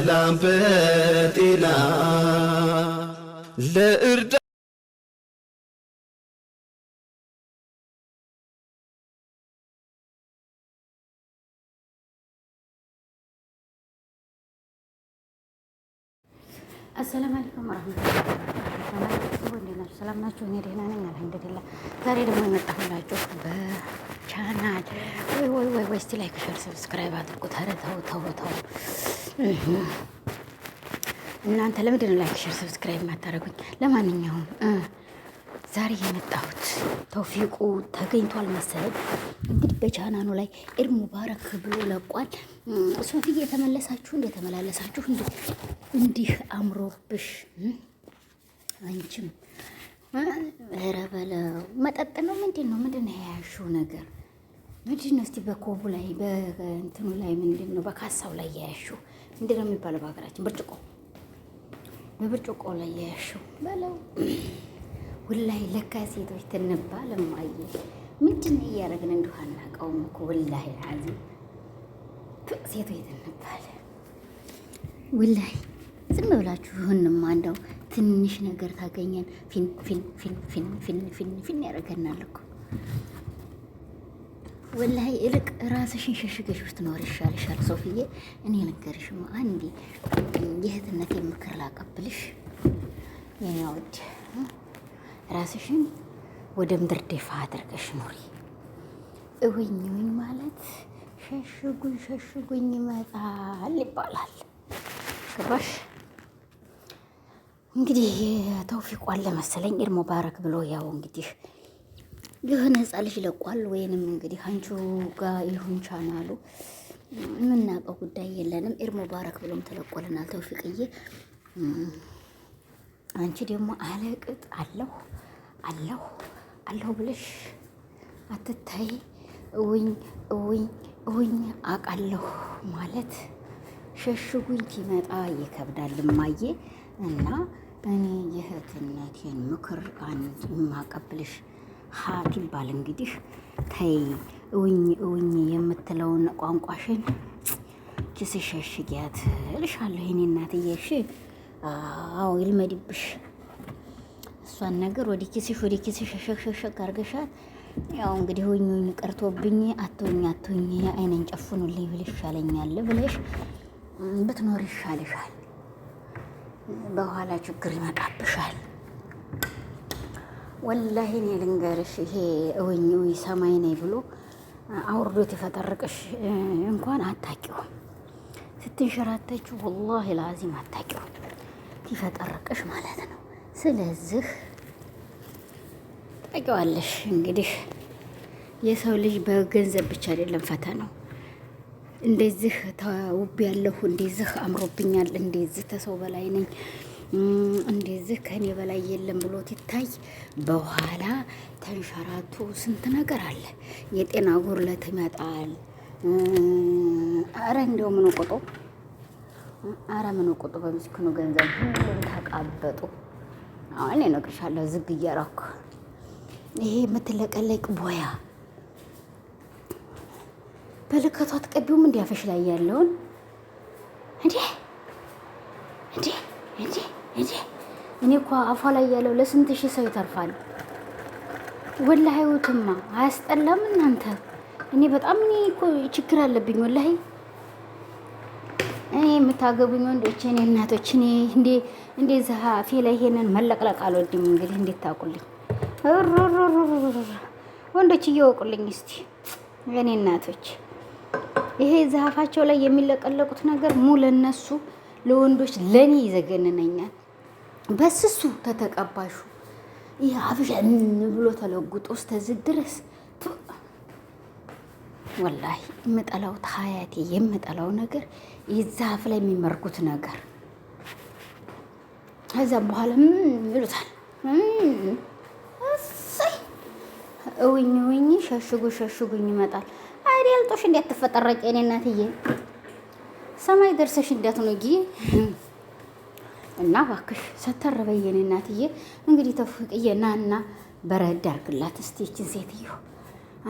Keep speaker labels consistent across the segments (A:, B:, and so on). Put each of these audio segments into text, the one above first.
A: በሰላም በጤና ለእርዳ
B: አሰላም አለይኩም ወራህመቱላሂ ወበረካቱህ። ሰላም ናችሁ? እኔ ደህና ነኝ አልሐምዱሊላህ። ዛሬ ደግሞ የመጣሁላችሁ ቻናል ወይ ወይ ወይ ወይ፣ እስቲ ላይክ ሸር ሰብስክራይብ አድርጉት። ኧረ ተው ተው ተው እናንተ ለምንድን ነው ላይክ ሸር ሰብስክራይብ የማታደርጉኝ? ለማንኛውም ዛሬ የመጣሁት ተውፊቁ ተገኝቷል መሰለኝ። እንግዲህ በቻናኑ ላይ ኢድ ሙባረክ ብሎ ለቋል። ሶፊ የተመለሳችሁ እንደተመላለሳችሁ እንዲህ አምሮብሽ አንቺም ኧረ በለው መጠጥ ነው ምንድን ነው ምንድን ነው ነገር ምንድን ነው እስቲ በኮቡ ላይ በእንትኑ ላይ ምንድን ነው በካሳው ላይ ያያሽው ምንድን ነው የሚባለው በሀገራችን ብርጭቆ በብርጭቆ ላይ ያያሽው በለው ወላሂ ለካ ሴቶች ትንባ ለማየ ምንድን እያደረግን እንዲሁ አናውቀውም እኮ ወላሂ አዚ ሴቶች ትንባለ ወላሂ ዝም ብላችሁ ይሁንማ እንደው ትንሽ ነገር ታገኘን ፊን ፊን ፊን ፊን ፊን ፊን ፊን ያደርገናል እኮ ወላሂ ይልቅ ራስሽን ሸሽገሽ ብትኖር ይሻልሻል ሶፍዬ። እኔ ነገርሽማ አንዴ የእህትነት ምክር ላቀብልሽ የእኔ ውድ ራስሽን ወደ ምድር ደፋ አድርገሽ ኑሪ። እውኝውኝ ማለት ሸሽጉኝ ሸሽጉኝ ይመጣል ይባላል። ገባሽ? እንግዲህ ተውፊቋን ለመሰለኝ ኢድ ሙባረክ ብሎ ያው እንግዲህ የሆነ ህፃን ልጅ ለቋል ወይንም እንግዲህ አንቺ ጋር ይሁን ቻናሉ የምናውቀው ጉዳይ የለንም። ኢድ ሙባረክ ብሎም ተለቆልናል። ተውፊቅዬ አንቺ ደግሞ አለቅጥ አለሁ አለሁ አለሁ ብለሽ አትታይ። እውኝ እውኝ እውኝ አቃለሁ ማለት ሸሽጉኝ ሲመጣ ይከብዳል እማዬ እና እኔ የእህትነቴን ምክር አንድ የማቀብልሽ ሀ ትባል እንግዲህ ተይ እውኝ እውኝ የምትለውን ቋንቋሽን ኪስ ሸሽጊያት እልሻለሁ። የእኔ እናትዬ እሺ። አዎ ይልመድብሽ እሷን ነገር ወደ ኪስሽ ወደ ኪስሽ ሸሸሸሸግ አርገሻት። ያው እንግዲህ ውኝ ውኝ ቀርቶብኝ አትውኝ አትውኝ አይነን ጨፍኑልኝ ብል ይሻለኛል ብለሽ ብትኖር ይሻልሻል። በኋላ ችግር ይመጣብሻል። ወላሂ እኔ ልንገርሽ ይሄ እውኝ እውኝ ሰማይ ነኝ ብሎ አውርዶት የፈጠረቅሽ እንኳን አታቂውም። ስትንሸራተች ወላሂ ለአዚም አታቂውም ይፈጠረቅሽ ማለት ነው። ስለዚህ ታቂዋለሽ። እንግዲህ የሰው ልጅ በገንዘብ ብቻ አይደለም ፈተናው። እንደዚህ ተውብ ያለሁ እንደዚህ አምሮብኛል፣ እንደዚህ ተሰው በላይ ነኝ እንደዚህ ከኔ በላይ የለም ብሎት ይታይ። በኋላ ተንሸራቱ ስንት ነገር አለ። የጤና ጉድለት ይመጣል። አረ እንደው ምን ቁጡ፣ አረ ምን ቁጡ፣ በምስኪኑ ገንዘብ ሁሉም ተቃበጡ። አሁን እነግርሻለሁ፣ ዝግ እያረኩ ይሄ የምትለቀለቅ ቦያ በልከቷ አትቀቢውም። እንዲያፈሽ ላይ ያለውን እንዴ እንዴ እንዴ እኔ እኮ አፏ ላይ ያለው ለስንት ሺህ ሰው ይተርፋል። ወላሂ ህይወትማ አያስጠላም እናንተ። እኔ በጣም እኔ እኮ ችግር አለብኝ ወላ እኔ የምታገቡኝ ወንዶች፣ እኔ እናቶች፣ እኔ እንዴ እንደዛ ፌ ላይ ይሄንን መለቅለቅ አልወድም። እንግዲህ እንዴት ታውቁልኝ ወንዶች እየወቁልኝ እስቲ እኔ እናቶች ይሄ ዛፋቸው ላይ የሚለቀለቁት ነገር ሙ ለነሱ ለወንዶች ለኔ ይዘገንነኛል። በስሱ ተተቀባሹ ይህ አብሸን ብሎ ተለጉጦ እስከዚህ ድረስ ወላሂ የምጠላው ሀያቴ የምጠላው ነገር የዛ ላይ የሚመርጉት ነገር ከዛም በኋላ ይሉታል እሰይ እውኝ እውኝ ሸሽጉ ሸሽጉኝ ይመጣል። አይዲ ያልጦሽ እንዲያትፈጠረቂ እኔ እናትዬ ሰማይ ደርሰሽ እንዲያትነጊ እና እባክሽ ሰተር በይ የኔ እናትዬ። እንግዲህ ተፍቅዬ ናና በረድ አድርግላት እስቲ ይችን ሴትዮ።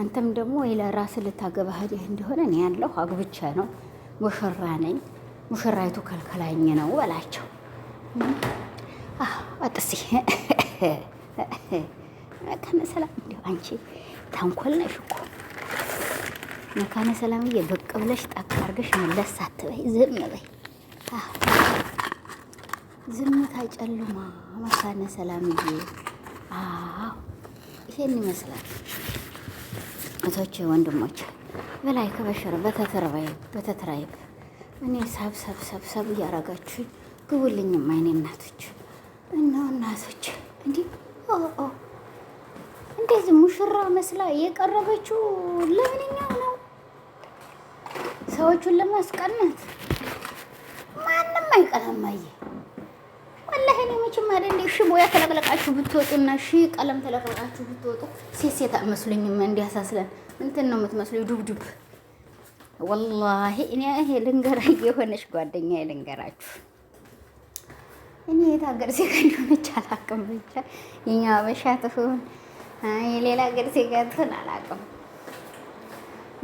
B: አንተም ደግሞ ወይ ለራስህ ልታገባ ሄደህ እንደሆነ እኔ ያለሁ አግብቼ ነው ሙሽራ ነኝ፣ ሙሽራይቱ ከልከላኝ ነው በላቸው። አጥሲ መካነ ሰላም እንዲሁ አንቺ ተንኮል ነሽ እኮ መካነ ሰላምዬ፣ ብቅ ብለሽ ጠቅ አድርገሽ መለስ ሳትበይ ዝም በይ። ዝምታ ጨልማ መካነ ሰላምዬ። አዎ ይሄን ይመስላል እቶቼ ወንድሞች፣ በላይ ከበሸረ በተተርባይ በተተራይብ እኔ ሳብ ሳብ እያረጋችሁኝ ግቡልኝም አይኔ እናቶች እና እናቶች እንዲህ እንደዚህ ሙሽራ መስላ እየቀረበችው ለምንኛው ነው? ሰዎቹን ለማስቀናት ማንም አይቀናም። እኔ መቼም አይደል እንደ ሺህ ቦያ ተለቅለቃችሁ ብትወጡና ሺህ ቀለም ተለቅለቃችሁ ብትወጡ ሴት ሴት አትመስሉኝም። እንዲያሳስለን እንትን ነው የምትመስሉኝ ዱብዱብ። ወላሂ እኔ ይሄ ልንገራ የሆነች ጓደኛ ልንገራችሁ እኔ የት ሀገር ዜጋ እንደሆነች አላውቅም። ብቻ የኛ አበሻ ትሁን የሌላ ሀገር ዜጋ ትሁን አላውቅም።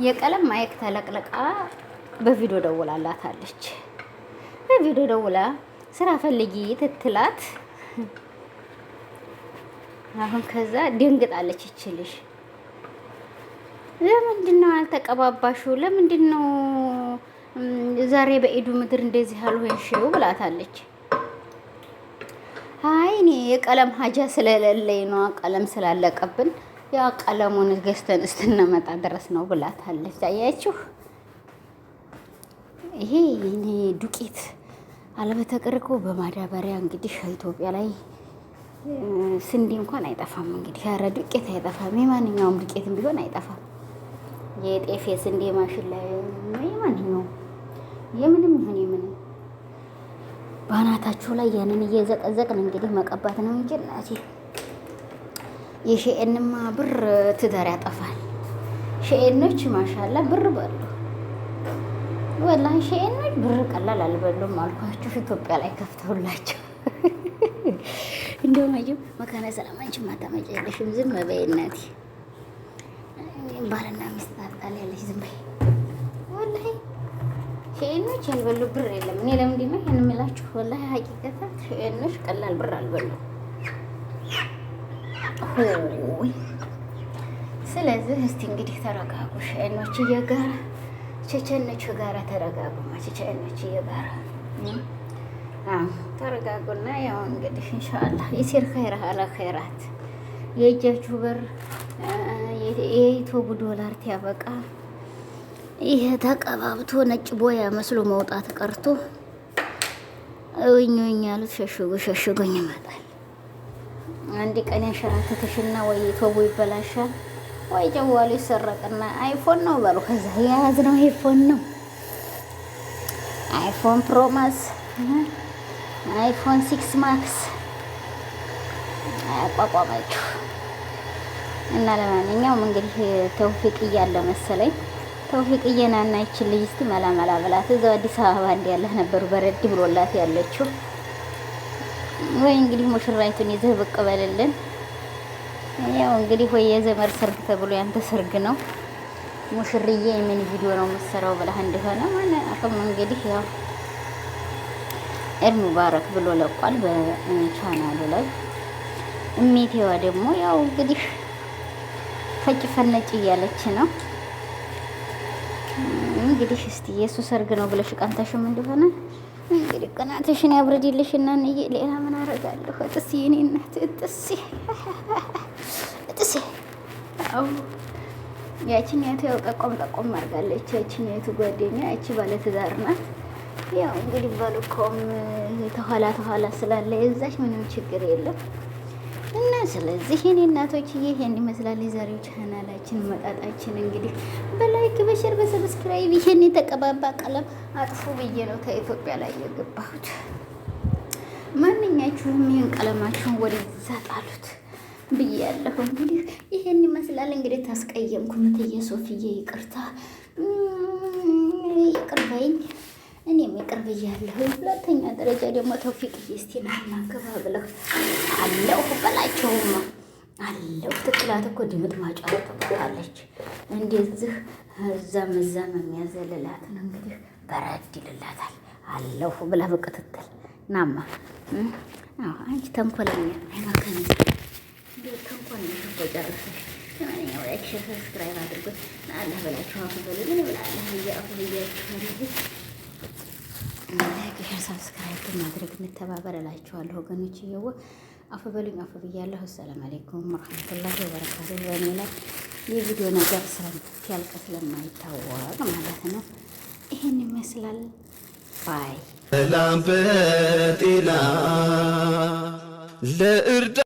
B: የቀለም ማየክ ተለቅለቃ በቪዲዮ ደውላላታለች። በቪዲዮ ደውላ ስራ ፈልጊ ትትላት። አሁን ከዛ ደንግጣለች ይችልሽ ለምንድን ነው አልተቀባባሹ? ለምንድን ነው ዛሬ በኢዱ ምድር እንደዚህ አልሆንሽው? ብላታለች። አይ እኔ የቀለም ሀጃ ስለሌለኝ ነው፣ ቀለም ስላለቀብን ያ ቀለሙን ገዝተን መጣ ድረስ ነው ብላታለች። አያችሁ፣ ይሄ እኔ ዱቄት አለበተቀር በማዳበሪያ እንግዲህ ኢትዮጵያ ላይ ስንዴ እንኳን አይጠፋም። እንግዲህ ኧረ ዱቄት አይጠፋም። የማንኛውም ዱቄትም ቢሆን አይጠፋም። የጤፍ የስንዴ ማሽን ላይ የማንኛውም የምንም ይሁን የምንም በአናታችሁ ላይ ያንን እየዘቀዘቅን እንግዲህ መቀባት ነው እንጂ እናቴ የሼኤንማ ብር ትዳር ያጠፋል። ሼኤኖች ማሻላ ብር በሉ ወላሂ ሼኖች ብር ቀላል አልበሉም አልኳችሁ። ኢትዮጵያ ላይ ከፍተውላቸው እንደው መቼም መካነ ሰላም አንቺ ማታመጫ ዝም በይ ባልና ሚስት አጣል ያለሽ ዝም በይ። ሼኖች ያልበሉ ብር የለም። እኔ ለምንድን ነው ይሄን የምላችሁ? ሀቂቀታት ሼኖች ቀላል ብር አልበሉ። ስለዚህ እስቲ እንግዲህ ተረጋጉ ሼኖች እየጋራ ቸቸኖች ጋራ ተረጋጉማ። ቸቸኖች የጋራ ተረጋጉና ያው እንግዲህ ኢንሻአላህ የሴር ኸይራ አለ ኸይራት የእጃችሁ ብር የኢትዮቡ ዶላር ያበቃ። ይሄ ተቀባብቶ ነጭ ቦያ መስሎ መውጣት ቀርቶ እውኝ ያሉት ሸሽጎ ሸሽጎኝ ይመጣል። አንድ ቀን ያንሸራተተሽና ወይ ኢትዮቡ ይበላሻል። ወይ ጀዋሉ ይሰረቅና አይፎን ነው በሉ። ከዛ የያዝነው አይፎን ነው። አይፎን ፕሮማስ፣ አይፎን ሲክስ ማክስ አያቋቋማችሁ እና ለማንኛውም እንግዲህ ተውፊቅ እያለ መሰለኝ ተውፊቅ እየናና ይችን ልጅ እስቲ መላ መላ ብላት እዛው አዲስ አበባ እንዲ ያለ ነበሩ በረድ ብሎላት ያለችው ወይ እንግዲህ ሙሽራይቱን ይዘህ ብቅ በልልን። ያው እንግዲህ ወይ የዘመር ሰርግ ተብሎ ያንተ ሰርግ ነው ሙሽርዬ፣ የምን ቪዲዮ ነው የምትሰራው ብለህ እንደሆነ ማለት አቅም እንግዲህ ያው ኢድ ሙባረክ ብሎ ለቋል በቻናሉ ላይ። እሜቴዋ ደግሞ ያው እንግዲህ ፈጭ ፈነጭ እያለች ነው እንግዲህ። እስቲ የእሱ ሰርግ ነው ብለሽ ቀንተሽም እንደሆነ እንግዲህ ቅናትሽን ያብረድልሽ እና ሌላ ምን አረጋለሁ? ጥስ የኔ እናት ጥስ ያው ያቺኛቱ ያው ጠቆም ጠቆም አድርጋለች። ያቺኛቱ ጓደኛ ያቺ ባለትዳር ናት። ያው እንግዲህ ባልኮም ተኋላ ተኋላ ስላለ የዛች ምንም ችግር የለም እና ስለዚህ እኔ እናቶች ይሄን ይመስላል የዛሬው ቻናላችን መጣጣችን። እንግዲህ በላይክ በሸር በሰብስክራይብ ይሄን የተቀባባ ቀለም አጥፉ ብዬ ነው ከኢትዮጵያ ላይ የገባሁት። ማንኛችሁም ይህን ቀለማችሁን ወደዛ ጣሉት። ብያለሁ። እንግዲህ ይሄን ይመስላል። እንግዲህ ታስቀየምኩኝ እትዬ ይቅርታ እኔም ይቅር ብያለሁ። ሁለተኛ ደረጃ ደግሞ አለሁ ትክላት እኮ ድምጥ ማጫወት እንደዚህ እዛም እዛም እንግዲህ በረድ ይልላታል። አለሁ ብላ በቅትትል ናማ አንቺ ተንኮለኛ አይመከንም ተንኳን ሽፎ ጨርሰሽ ለማንኛው ላይክ ሸር ሰብስክራይብ አድርጉት። አላህ በላችሁ አፉ በሉ ምን ብላ ብዬ አፉ ብያችኋለሁ። ላይክ ሸር ሰብስክራይብ በማድረግ እንተባበር እላችኋለሁ ወገኖች። እየወ አፉ በሉኝ አፉ ብያለሁ። አሰላም አለይኩም ወረሕመቱላሂ ወበረካቱ። በእኔ ላይ የቪዲዮ ነገር ስለምትያልቅ ስለማይታወቅ ማለት ነው ይህን ይመስላል። ባይ ሰላም በጤና ለእርዳ